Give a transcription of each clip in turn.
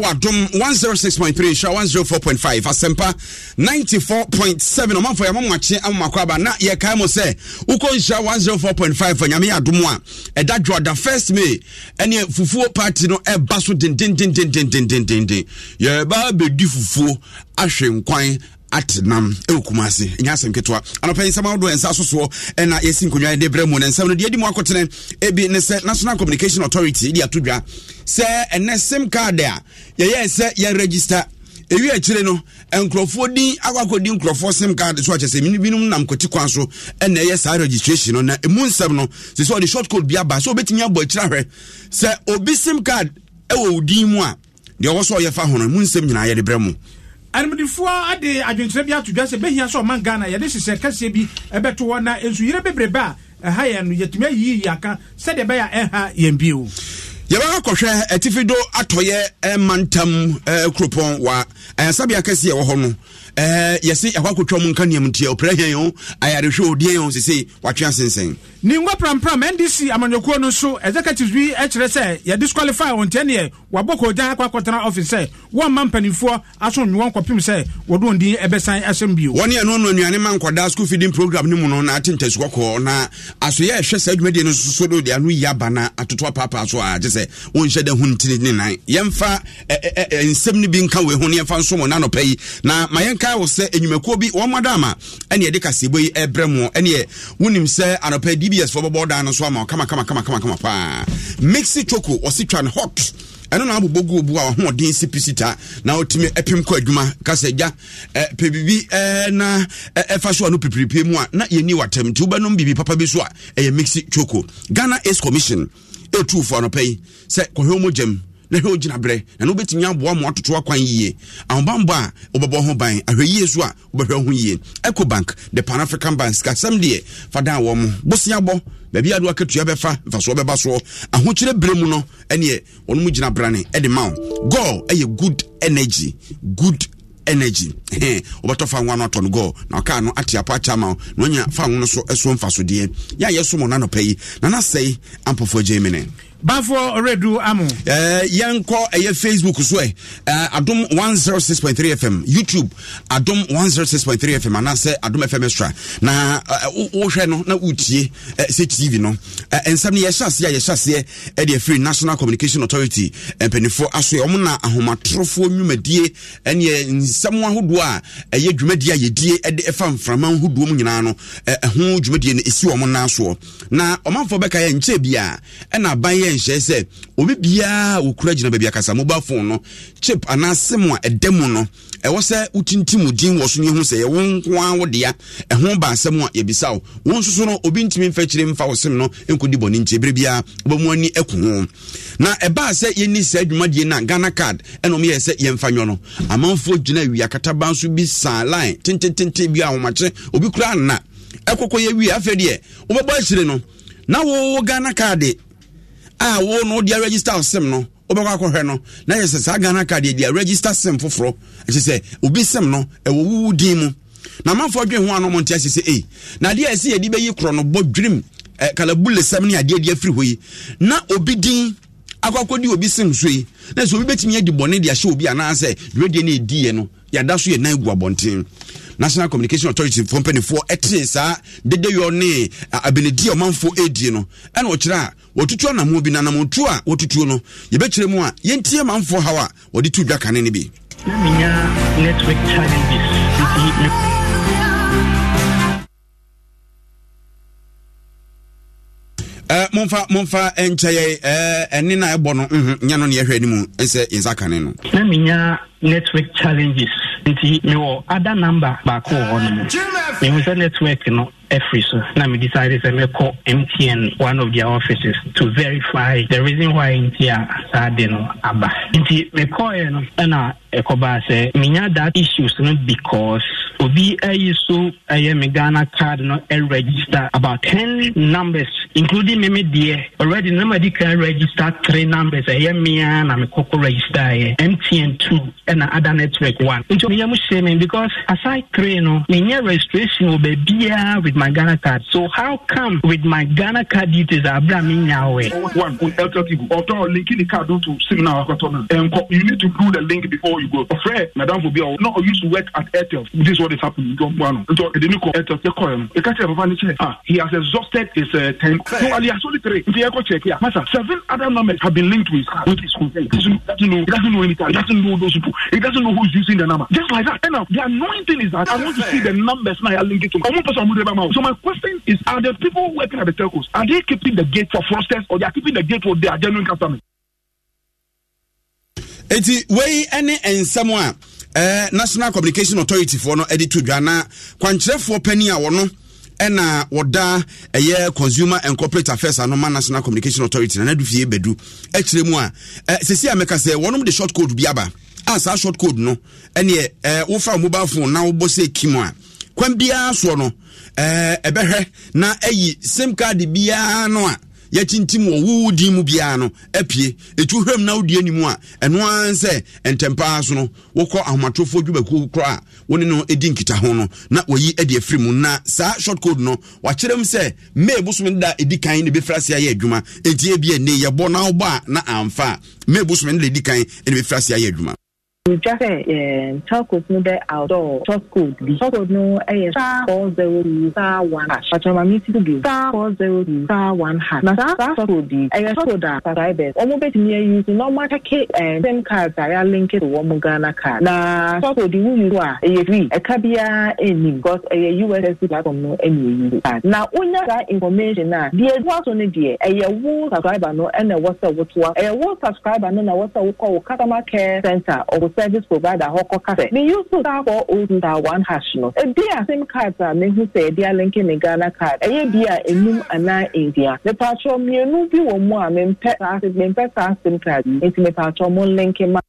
wadom 106.3 nhyira 104.5 asɛmpa 94.7 ɔmanfo yɛ mamoakye amamakɔ aba na yɛkae mu sɛ wokɔ nhyira 104.5 fa nyame yɛ adom a ɛda dwoada first may ɛne fufuo party no ɛba e so dendendendendendendenden yɛba bɛdi fufuo ahwe nkwan atenam ɛwɔ kuma ase ɛnyɛ asɛm ketewa anɔpɛ nsɛm ahodoɔ ɛnsa sosoɔ ɛna yɛsi nkonnwa yɛde brɛ mu na nsɛm no deɛ di mu akɔtene ebi ne sɛ national communication authority de ato dwa sɛ ɛnɛ sim card a yɛyɛ sɛ yɛregister ewi akyire e no nkurɔfoɔ din akɔakɔdi nkurɔfoɔ sim card so akyɛ sɛ binom nam kɔti kwan so ɛna ɛyɛ saa registration no na ɛmu nsɛm no sɛ sɛ ɔde short code bi aba sɛ obɛtumi abɔ akyire ahwɛ sɛ obi sim card ɛwɔ wo din mu a deɛ ɔwɔ sɛ ɔyɛfa ho no mu nsɛm nyinaa yɛde brɛ mu animdifoɔ ade adwenkyerɛ bi ato dwa sɛ bɛhia sɛ ɔman ghana yɛde hyehyɛ kɛseɛ bi ɛbɛto hɔ na nsuyere bebrebe a ɛha yɛn no yɛtumi ayiyi aka sɛdeɛ ɛbɛyɛ a ɛha yɛn bio yɛbɛka kɔhwɛ atifi do atɔyɛ ɛma eh, ntam eh, kuropɔn wa ayansabea eh, kɛseɛ ɛwɔ hɔ no yɛse ɛhɔ akɔtwa mu nka nneɛm ntiɛ ɔprɛ hɛn o ayarehwɛ odiɛ yɛn o watwe asensɛn ne ngua prampram ndc amannyɔkuo no nso executives bi kyerɛ eh, sɛ yɛdisqualify ɔntiɛ neɛ wabɔ kɔgyan akɔ akɔtena office sɛ eh. wɔmma mpanimfoɔ aso nwewɔ nkɔpem sɛ eh. wɔde ɔndin ɛbɛsan asɛm bio wɔne ɛno no anuane ma nkɔdaa school feeding program no mu no na ate ntasu kɔkɔɔ na asoyɛ ɛhwɛ saa adwumadie no soso de ano yi aba na atoto apaapaa so a gye sɛ wɔnhyɛ da ho ntini ne nan yɛmfa nsɛm ni bi nka wei ho ne yɛmfa nso mɔ nanɔpɛ yi na ma yɛnka wo sɛ enwumakuo bi wɔmmada ama ɛne yɛde kasebɔ yi ɛbrɛ mɔ ɛneɛ wonim sɛ anɔpɛ di bbs fo bɔbɔ dan no so ama kamakamakamakama paa mixi choco ɔsi twa no hot ɛno na abobɔ gu obu a ɔhoɔden si pisi taa na ɔtumi ɛpem kɔ adwuma kasa gya eh, ɛ pɛ eh, na ɛfa eh, so a no pipiripie mu a na yɛni watam nti wobɛnom biribi papa bi so a ɛyɛ mixi choco ghana ace commission ɛtuufoɔ anɔpɛ yi sɛ kɔhwɛ mu gyam na hwɛ ogyina berɛ na ne wobɛtumi aboa ma atotoa kwan yie ahobanbɔ a wobɛbɔ ho ban ahwɛ yie so a wobɛhwɛ ho yie eco bank the pan african bank sikasɛm deɛ fa a wɔ mo bosea baabi adoa katua bɛfa mfasoɔ bɛba soɔ ahokyerɛ berɛ mu no ɛneɛ ɔno mu gyina ɛde ma wo gol ɛyɛ good energy good energy wobɛtɔ fa nwa no atɔ no na ɔkaa no ateapɔ wo na ɔnya fa wo no so ɛso a yɛsom yi na na sɛe ampɔfoɔ banfoɔ redu amu. ɛɛ yɛn kɔ ɛyɛ facebook so ɛ eh, eh, adum one zero oh six point three fm youtube adum one zero oh six point three fm adum fm extra na ɛɛ eh, wohwɛ no na wotie ɛɛ tv no ɛɛ nsɛm no yɛhyɛ aseɛ yɛhyɛ aseɛ ɛde ɛfiri national communication authority aso yɛ wɔn na ahomatorofoɔ nnwumadie ɛne nsɛm ahodoɔ a ɛyɛ dwumadie a yɛdie ɛde ɛfa mframa ahodoɔ mu nyinaa no esi na ɔmanfoɔ ɛnhyɛ sɛ obi biara wɔkura gyina baabi akasa mobile phone no chip anaa sim a ɛda mu no ɛwɔ sɛ wotintim din wɔ so ne ho sɛ yɛwo nko a wo ɛho ba a yɛbisa wo wo nso so no obi ntumi mfa wo sem no nkɔdi bɔne na ɛbaa sɛ yɛni saa a ghana card ɛna a obi ɛkɔkɔ yɛ wie na wowo ghana a wo no de register sim no wobɛkɔ akɔhwɛ no na yɛ sɛ saa ghana card yɛ de register sim foforɔ ɛkyɛ sɛ obi sim no ɛwɔ wuwu din mu na amanfoɔ dwen ho a no mo sɛ ei na adeɛ a ɛsɛ yɛde bɛyi korɔ no bɔ dwerim kalabule sɛm ne adeɛ deɛ afiri hɔ yi na obi din akɔ akɔdi obi sim so yi na sɛ obi bɛtumi adi bɔne de ahyɛ obi anaasɛ dweredie no ɛdiiɛ no yɛada so yɛ nan gu abɔnten national communication authority fo mpanimfoɔ ɛtee saa dedeyɔ ne abenedi ɔmanfoɔ ɛdie no ɛna ɔkyerɛ a wɔtutu anamoɔ bi na anamotuo a wɔtutuo no yɛbɛkyerɛ mu a yɛntie manfoɔ haw a wɔde tu dwa kane no bi network challenges momfa momfa nkyɛ yɛ ɛne na ɛbɔ no nyɛ no ne yɛhwɛ anim sɛ yɛnsa kane no na menya network challenges nti mewɔ ada number baako wɔ hɔnom mehu sɛ network no every so na me decide sɛ mɛkɔ mtn one of their offices to verify the reason why nti a saa de no aba nti mekɔɛ no ɛna ɛkɔbaa sɛ menya that issues no because obi ayi so ɛyɛ me ghana card no register about ten numbers including me me deɛ already na ma di kan register three numbers ɛyɛ mmea na me kɔkɔ register yɛ mtn two ɛna ada network one nti meyɛ mu hyɛ me because aside three no menyɛ registration wɔ baabiaa with my ghana card so how come with my ghana card details abra menya wɛ one on LTTV ọtọ linki ni card to sim na akọtọ na ẹnkọ you need to do the link before you go ọfrẹ madam fobi ọ no you used to work at airtel this one what is happening don bu ano nti ɛde ne kɔ ɛtɔ ne kɔ yɛ no ɛka kyerɛ ah he has exhausted his uh, time so ali has only three nti ɛkɔ check kia masa seven other numbers have been linked to his car with his complaint he doesn't, know he doesn't know any he doesn't know those people he doesn't know who's using the number just like that and now the annoying thing is that I want to see the numbers now are linked to me ɔmo pɛ sɛ ɔmo de so my question is are the people working at the telcos are they keeping the gate for fraudsters or they are keeping the gate for their genuine customers. eti wei ne nsɛm a eh, national communication authority foɔ no de to dwa na kwankyerɛfoɔ pani a wɔno ɛna wɔda ɛyɛ consumer and corporate affairs anoma national communication authority na nadu fie bɛdu akyerɛ mu a eh, Sesi a mɛka sɛ wɔnom de short code bi aba a saa short code no ɛneɛ eh, wofa mobile phone na wobɔ sɛ ki a kwan biara soɔ no eh, ɛbɛhwɛ na ayi sim card biara no a yɛkyintim wɔ wo din mu biara no apue ɛtu hwam na wodi anim a ɛno ara sɛ ɛntɛmpaa so no wokɔ ahomatrofoɔ dwumakuo korɔ a wone no ɛdi nkita ho no na wayi adi afiri mu na saa short code no wakyerɛ m sɛ may bosome da ɛdi kan ne bɛfiri ase ayɛ adwuma enti ebia nne yɛbɔ na wobɔ a na amfa a may bosome no da ɛdi kan ne bɛfiri ase ayɛ adwuma Jafe eh, top code no bɛ outdoor top code bi top no ɛyɛ eh, star four zero two star one hash patronum mi ti four zero two star one hash na saa star code yi ɛyɛ top code a subscribers wɔn bɛtumi ayi ti na wɔn akeke ɛɛ sim card eh, a yɛalinke to wɔn Ghana card na top na wonya information a deɛ ɛdu aso no deɛ wo subscriber no ɛna ɛwɔ sɛ wotoa wo subscriber no na center service provider hɔ kɔkasɛ ne yusu saa kɔ osunda one hash no ebi a sim card a mehu sɛ ebi alenke ne ghana card ɛyɛ bi a enum anaa nsia mepatro mmienu bi wɔ mu a mempɛ saa mempɛ saa sim card nti mepatro mo lenke ma.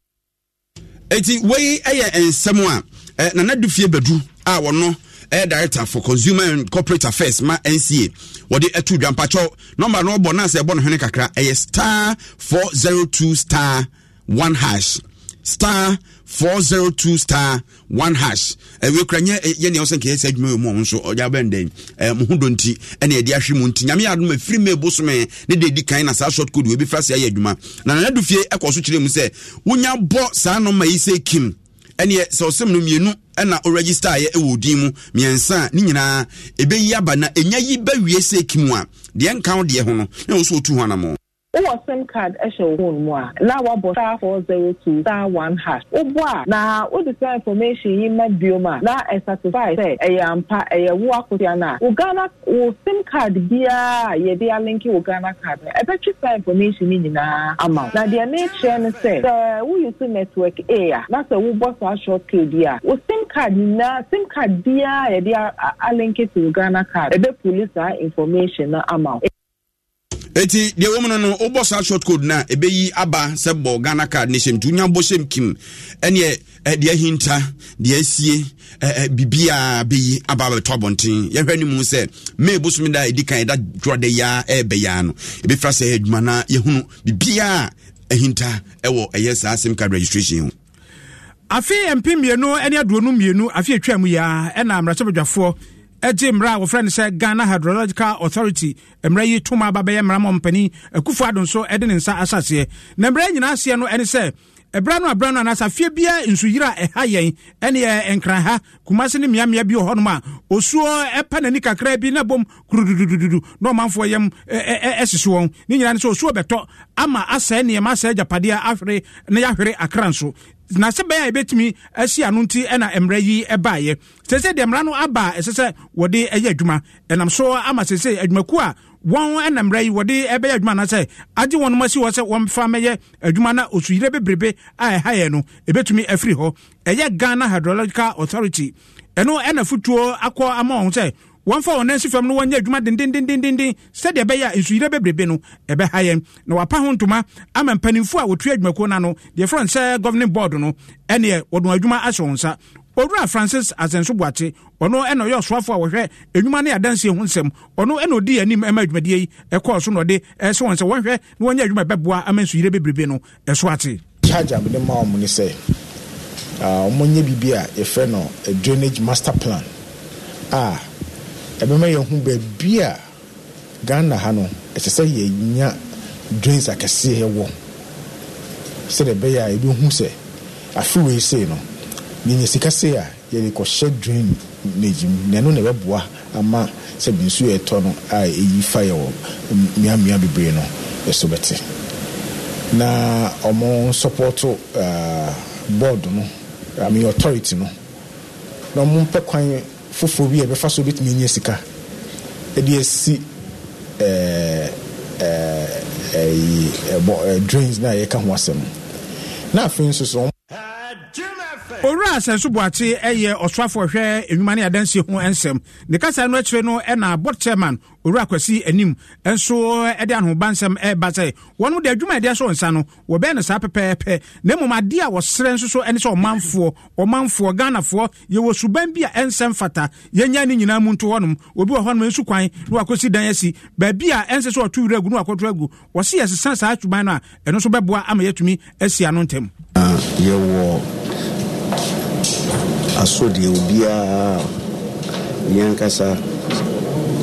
eti wei yɛ nsɛm a nana du fie bɛdu a wɔno ɛyɛ director for consumer and corporate affairs ma nca wɔde ɛtu dwampakyɛw nɔmba no wɔbɔ naasɛ ɛbɔ no hwene kakra ɛyɛ star four zero two star one hash. star four zero two star one hash ɛwɛ kura nyɛ yɛ nea ɔsɛn kɛyɛ sɛ adwuma yɛ mu ɔmo nso ɔyɛ abɛn dɛn ɛɛ do nti ɛna yɛde ahwɛ mu nti nyame adum efiri mu ebosome ne de edi kan na saa short code wo ebi fira se adwuma na nana do fie ɛkɔ so kyerɛ mu sɛ wonya bɔ saa nɔma yi sɛ kim ɛneɛ sɛ ɔsɛm no mmienu ɛna ɔregista yɛ ɛwɔ mu mmiɛnsa a ne nyinaa ebɛyi aba na enya yi bɛwie sɛ kim a deɛ nkan deɛ ho na wɔn nso otu wowɔ sim card hyɛ wo phone mu a na wabɔ star four zero two star one hash wobɔ a na wode saa information yi ma biom a na ɛsatisfy sɛ ɛyɛ ampa ɛyɛ wo akosia no a wo ghana wo sim card biara a yɛde alinki wo ghana card no ɛbɛtwe saa information yi nyinaa ama wo na deɛ meekyerɛ no sɛ sɛ woyusu network a a na sɛ wobɔ saa short code yi a wo sim card nyinaa sim card biara a yɛde alinki to wo ghana card ɛbɛpuli saa information no ama wo eti deɛ wɔm no no wobɔ saa short code no a ɛbɛyi aba sɛ bɔ ghana card ne hyɛm nti wonya bɔ hyɛm kim ɛneɛ deɛ ahinta deɛ asie biribiaa bɛyi aba bɛtɔ abɔnten yɛhwɛ no mu sɛ mee bosome da a ɛdi kan ɛda dworɔdɛ yaa ɛɛbɛyaa no ɛbɛfira sɛ adwuma no yɛhunu biribiaa ahinta ɛwɔ ɛyɛ saa sim card registration ho afei mpe mmienu ne aduonu mmienu afei atwa mu yia ɛna mmarahyɛbadwafoɔ agye mmerɛ a wɔfrɛ no sɛ ghana hydrological authority mmerɛ yi toma aba bɛyɛ mmerama mpani akufo ado nso de ne nsa asaseɛ na mmerɛ nyinaa aseɛ no ne sɛ ɛberɛ no aberɛ no anaasɛ afie biara nsuyere a ɛha yɛn ɛne nkranha kumase ne mmeammea bi wɔ hɔnom a osuo ɛpa n'ani kakra bi na bom kurududududu na ɔmanfoɔ yam ɛsisi wɔn ne nyinaa ne sɛ osuo bɛtɔ ama asɛe nneɛma asɛe agyapadeɛ ahwere na yɛahwere akra nso na sɛ bɛyɛ a yɛbɛtumi asi ano nti ɛna mmerɛ yi ɛbaeɛ sɛ sɛ deɛ mmara no aba a ɛsɛ sɛ wɔde ɛyɛ adwuma ɛnam so ama sɛ sɛ adwumakuo a wɔn ɛna mmerɛ yi wɔde ɛbɛyɛ adwuma na sɛ agye wɔn ma si hɔ sɛ wɔmfa mɛyɛ adwuma e na osuyire bebrebe a ɛha yɛ no ebetumi afiri e hɔ ɛyɛ e ghana hydrological authority ɛno ɛna futuo akɔ ama wɔn sɛ wɔmfa wɔn nan si fam no wɔnyɛ adwuma dendendendenden sɛdeɛ ɛbɛyɛ a nsuyire bebrebe no ɛbɛha yɛn na wapa ho ntoma ama mpanimfoɔ a wɔtua adwumakuo no ano deɛ frɛ no sɛ governing no ɛneɛ wɔde wɔn adwuma ahyɛ wɔn nsa owura francis asensu buakye ɔno ɛna ɔyɛ ɔsoafo a wɔhwɛ enwuma ne adansie ho nsɛm ɔno ɛna odi anim ɛma dwumadie yi ɛkɔɔ so na ɔde ɛsɛ wɔn sɛ wɔnhwɛ na wɔnyɛ adwuma ɛbɛboa ama nsuyire bebrebe no ɛso ate. charge am de ma wɔn ni sɛ wɔn nyɛ biribi a yɛfrɛ no drainage master plan a ɛbɛma yɛn ho baabi a ghana ha no ɛsɛ sɛ yɛnya drains akɛseɛ wɔ sɛdeɛ ɛbɛyɛ a ebi hu sɛ afi wei no yɛnya sika se a yɛde kɔhyɛ drain nage mu na ɛbɛboa ama sɛ bi nso yɛtɔ no a ɛyi fa wɔ mmeammea bebree no ɛso bɛte na ɔmo sɔpɔto uh, ah, board no I mean authority no na ɔmo mpɛ kwan foforɔ bi a ɛbɛfa so bɛtumi nya sika ɛde asi ɛɛ eh, ɛɛ eh, eh, ɛyi ɛbɔ ɛ drains na yɛka ho asɛm na afei nso so owura asɛnso boakye ɛyɛ ɔsoafo hwɛ nnwuma ne adansie ho nsɛm ne kasa no akyire no ɛna board chairman owura kwasi anim nso ɛde ahobansɛm ɛreba sɛ wɔn de adwuma ɛde ɛso nsa no wɔbɛn no saa pɛpɛɛpɛ na mmom adeɛ a wɔsrɛ nso so ɛne sɛ ɔmanfoɔ ɔmanfoɔ ghanafoɔ yɛwɔ suban bi a ɛnsɛm fata yɛnya ne nyinaa mu nto hɔnom obi wɔ hɔnom nsu kwan wakɔsi dan asi baabi a ɛnsɛ sɛ ɔto wura agu aso deɛ obiara yɛnkasa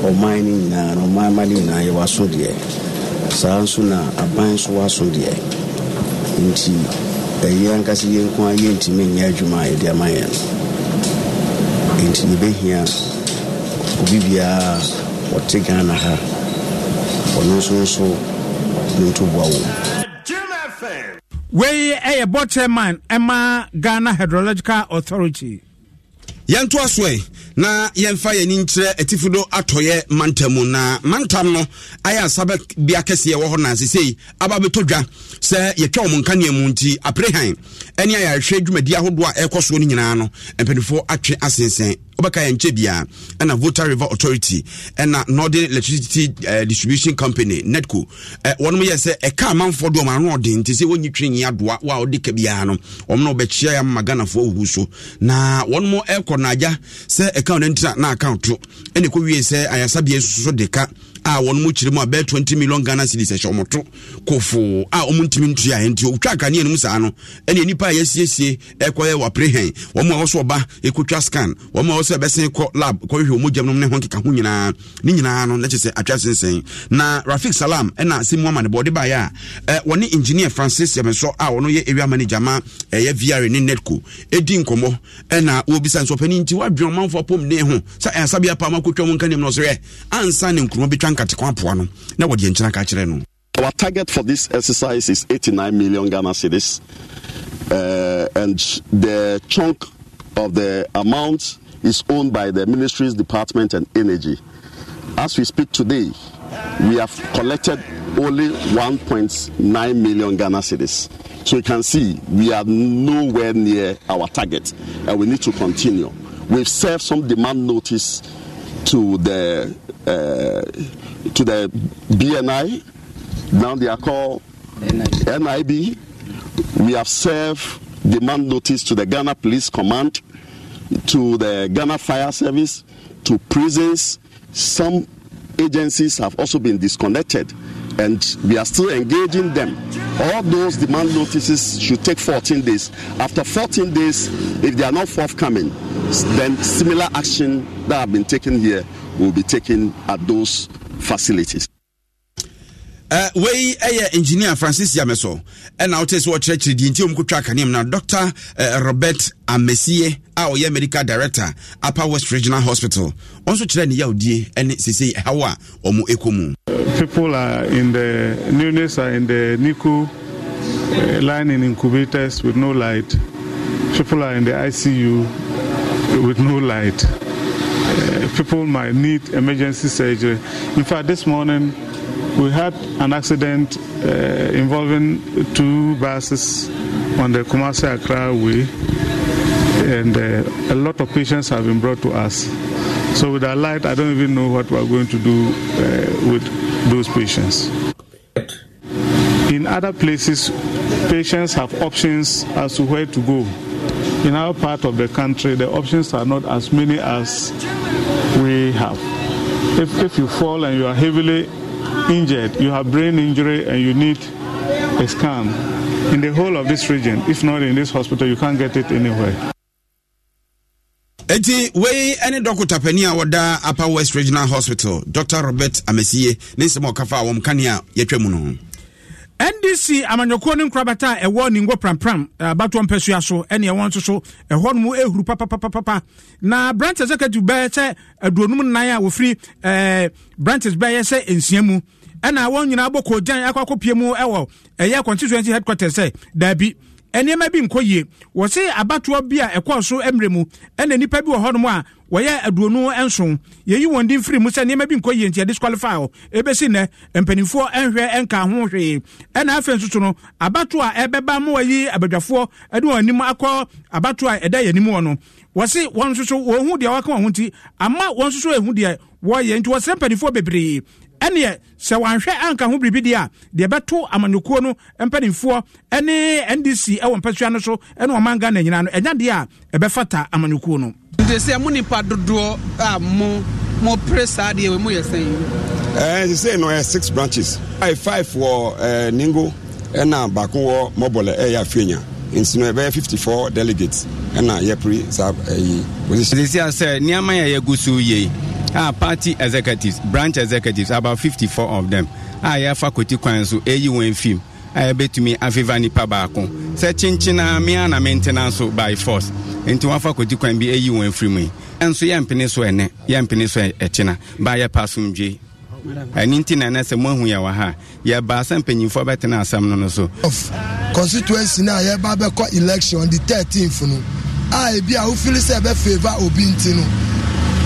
ɔman no nyinaa na ɔman ma no nyinaa yɛwɔ aso deɛ saa nso na aban nso wɔ deɛ nti ɛyɛ e ankasa yɛn a yɛntumi nyɛ adwuma a yɛde ama yɛn no nti yɛbɛhia obi biara ɔte ghana ha ɔno nso nso ne wɔ wei ɛyɛ eh, eh, bɔ chairman ɛma ghana hydrological authority yɛntoa so na yɛmfa yɛni nkyerɛ atifi do atɔyɛ mantam mu na mantam no ayɛ ansa bia kɛseɛ wɔ hɔ nansesei aba bɛtɔ dwa sɛ yɛtwa ɔmo nkanea mu nti aperehan ɛne ayɛahwɛ dwumadi ahodoɔ a ɛkɔ eh, soɔ no nyinaa no mpanimfoɔ atwe asensɛn wobɛka yɛ nkyɛ bia ɛna voter river authority ɛna northern electricity uh, distribution company netco uh, wɔnom yɛ sɛ ɛka amanfoɔ do ɔma no ɔden nti sɛ wɔnyi twe nyi adoa wo a wode ka biara no ɔm na wɔbɛkyia yɛ ama ghanafoɔ wuwu so na wɔnom ɛkɔ no sɛ ɛka no ntina na account ɛne kɔwie sɛ ayasabea nsuso de ka a wɔn mu kyerɛ mu a bɛɛ twenty million ghana cedis ɛhyɛ wɔn to kofo a wɔn ntumi ntua yɛn nti otwa kanea no mu saa no ɛna nipa a yɛsiesie ɛkɔyɛ wapere hɛn wɔn a wɔsɔ ɔba ekotwa scan wɔn a wɔsɔ ɛbɛsɛn kɔ lab kɔhwehwɛ wɔn gyam no ne ho nkeka ho nyinaa ne nyinaa no n'akyɛ sɛ atwa sensɛn na rafik salam ɛna sɛ mu ama ne bɔ ɔde baayɛ a wɔne engineer francis yamesɔ a wɔn yɛ area manager ma ɛyɛ vr ne netco edi nkɔmɔ ɛna wɔbisa nsɔpɛni nti wadwi ɔmanfo apom ne ho sɛ ɛnsa bi apam akotwa wɔn nkanim na ɔsɛ ansa na ka no Our target for this exercise is 89 million Ghana cedis, uh, and the chunk of the amount is owned by the Ministry's Department and Energy. As we speak today, we have collected only 1.9 million Ghana cedis. So you can see we are nowhere near our target, and we need to continue. We've served some demand notice to the uh, to the BNI, now they are called NIB. We have served demand notice to the Ghana Police Command, to the Ghana Fire Service, to prisons. Some agencies have also been disconnected, and we are still engaging them. All those demand notices should take 14 days. After 14 days, if they are not forthcoming, then similar action that have been taken here will be taken at those facilities. Uh, wei ɛyɛ eh, engineer francis yameso ɛna eh, wote sɛ wɔkyerɛkyerɛ deɛ nti ɔmkɔtwa akaneam na dr eh, robert amesie a ɔyɛ medical director upper west regional hospital ɔnso kyerɛ ne yawdie ɛne sesei ɛhaw a ɔmo ɛkɔ mu people are in the newness are in the nicu uh, line in incubators with no light people are in the icu with no light people might need emergency surgery. In fact, this morning we had an accident uh, involving two buses on the Kumasi Accra way, and uh, a lot of patients have been brought to us. So, with our light, I don't even know what we're going to do uh, with those patients. In other places, patients have options as to where to go in our part of the country, the options are not as many as we have. If, if you fall and you are heavily injured, you have brain injury and you need a scan, in the whole of this region, if not in this hospital, you can't get it anywhere. eti wei ne dɔkota pani a wɔda apa west regional hospital dr robert amesie ne nsɛm ɔkafa a wɔm kane a yɛtwa mu no ndc amanyɔkuo ne nkorabata a ɛwɔ ningo prampram eh, abatoɔ mpɛsua so ɛne ɛwɔ nso so ɛhɔ nom ɛhuru papapapapa na branches executive bɛyɛ sɛ aduonum nnan a wɔfiri eh, branches bɛyɛ sɛ nsia mu ɛna wɔn nyinaa bɔ kɔgyan akɔ akɔpie mu ɛwɔ ɛyɛ constituency headquarters sɛ daabi nneɛma bi nkɔ yie wɔse abatoɔ bi a ɛkɔɔ so mmerɛ mu ɛna nnipa bi wɔ hɔnom a wɔyɛ aduonu nson yɛyi wɔn din firi mu sɛ nneɛma bi nkɔ yie nti yɛde squalify hɔ ebesi nnɛ mpanimfoɔ nhwɛ nka ho hwee ɛna afei nso no abato a ɛbɛba ma wɔyi abadwafoɔ ɛde wɔn anim akɔ abato a ɛda yɛn anim wɔ no wɔse wɔn nso so wɔn ho deɛ wɔaka wɔn ho nti ama wɔn nso so ehu deɛ wɔyɛ nti wɔsrɛ mpanimfoɔ bebree ɛneɛ sɛ wanhwɛ anka ho biribi deɛ a deɛ ɛbɛto amanekuo no mpanimfoɔ ne ndc wɔ mpasua no so ne ɔman na nyinaa no ɛnya deɛ a ɛbɛfata amanekuo no nti sɛ mo nipa dodoɔ a mo mopere saa deɛ wɔ mu yɛ sɛn ɛsɛ eh, sɛ no ɛyɛ six branches five wɔ eh, ningo ɛna baako wɔ mɔbɔlɛ ɛyɛ afenya nti ɛbɛyɛ 54 delegates ɛna yɛpere saa ɛyi position. sisi asɛ nneɛma yɛ yɛgu so yie a party executives branch executives about 54 of them a ah, yɛafa kɔti kwan eh, so ɛyi wɔn fim a ah, yɛbɛtumi afefa nipa baako sɛ kyinkyina ah, mea na mentena so oh, by force nti wɔafa kɔti kwan bi ɛyi wɔn firi mu yi ɛnso yɛmpene so ɛnɛ yɛmpene so ɛkyina eh, ba yɛpa so um, ndwe ɛno nti na ɛnɛ sɛ moahu yɛ wɔ ha yɛbaa sɛ mpanyimfoɔ bɛtena asɛm no no so constituency no a yɛba bɛkɔ election de thirteenth th no a ebi a wofili sɛ ɛbɛfeva obi nti no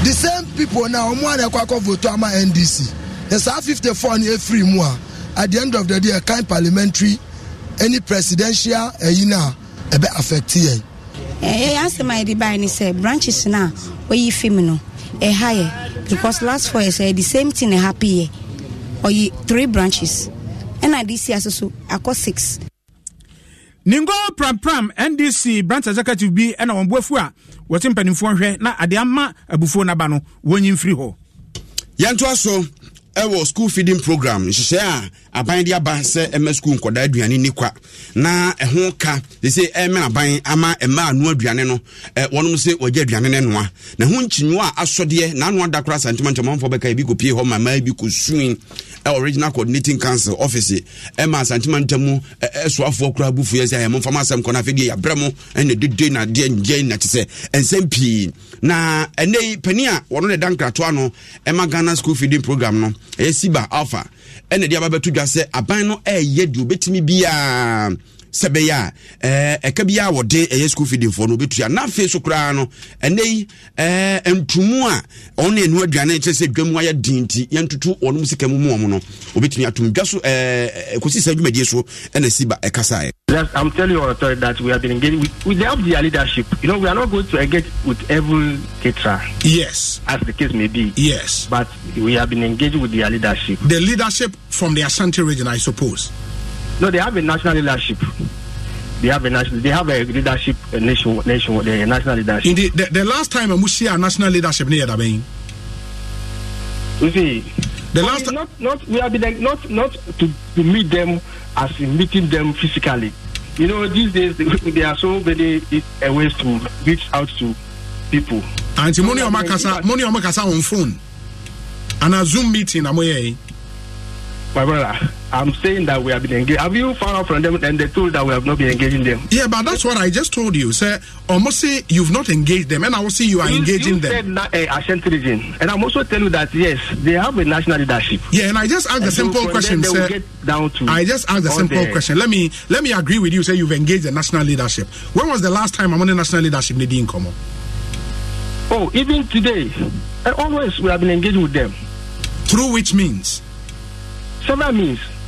the same people na wɔn a na ɛkɔ akɔ voto ama ndc na saa 54 no efiri mu a at the end of the day ɛkan parliamentary any presidential ɛyi na ɛbɛ affect yɛn. ɛyɛ asɛm a yɛde baa ni sɛ branches na oyi fim no a higher because last four years uh, the same thing a happy year or three branches and I this year six. ningo pram pram ndc branch executive bi ɛna wɔn buafu a wɔte mpanimfoɔ nhwɛ na ade ama abufuo n'aba no wɔnyi mfiri hɔ. yɛntoa so ɛwɔ school feeding program nhyehyɛ a aban de aba sɛ ɛmɛ school nkɔda aduane ni kwa na ɛho ka sɛ ɛmɛ aban ama ɛmɛ ano aduane no ɛ wɔn sɛ wɔgye aduane no noa na ho nkyinwa asɔdeɛ n'ano adakora santimantɛmɔnfɔ bɛka ebi kɔ pie hɔ mama ebi kɔ suin original coordinating council office ɛma asantima ntamu ɛsoafoɔ kora abufu yɛ sɛ ɛmo mfama asɛm kɔ no afei deɛ yɛabrɛ mo ɛne dede na adeɛ ngyɛ na te sɛ ɛnsɛm pii na ɛnɛ yi pani a wɔno de da nkratoa no ɛma ghana school feeding program no ɛyɛ siba alpha ɛna de aba bɛto dwa sɛ aban no ɛɛyɛ deɛ obɛtumi biaa sɛ bɛyɛ a ɛka biara wɔde ɛyɛ school feedingfoɔ no wobɛtua na afei so koraa no ɛnɛ yi ntumu a ɔne ɛnu aduane kyerɛ sɛ dwa mu ayɛ den nti yɛntoto ɔnom sika mu muɔ mu no wɔbɛtumi atom dwa so ɛkɔsi saa dwumadie so ɛna si ba ɛkasaeɛ Yes, I'm telling your authority that we have been engaging with, with the help of their leadership. You know, we are not going to engage with every caterer. Yes. As the case may be. Yes. But we have been engaging with their leadership. The leadership from the Ashanti region, I suppose. No, they have a national leadership. They have a national. They have a leadership a nation. Nation. a national leadership. Indeed, the, the last time we see a national leadership near that being. You see. The I last not not we have been not not to, to meet them as in meeting them physically. You know, these days there are so many ways to reach out to people. And money on omakasa money on omakasa on phone. And a Zoom meeting I'm here. my brother, I'm saying that we have been engaged. Have you found out from them and they told that we have not been engaging them? Yeah, but that's what I just told you, sir. Almost say you've not engaged them, and I will say you are you, engaging you them. Said na- uh, region, and I'm also telling you that yes, they have a national leadership. Yeah, and I just asked a simple so question, sir. down to I just asked a simple the... question. Let me let me agree with you, sir. You've engaged the national leadership. When was the last time I'm on the national leadership? They didn't come Oh, even today, eh, always we have been engaged with them. Through which means? são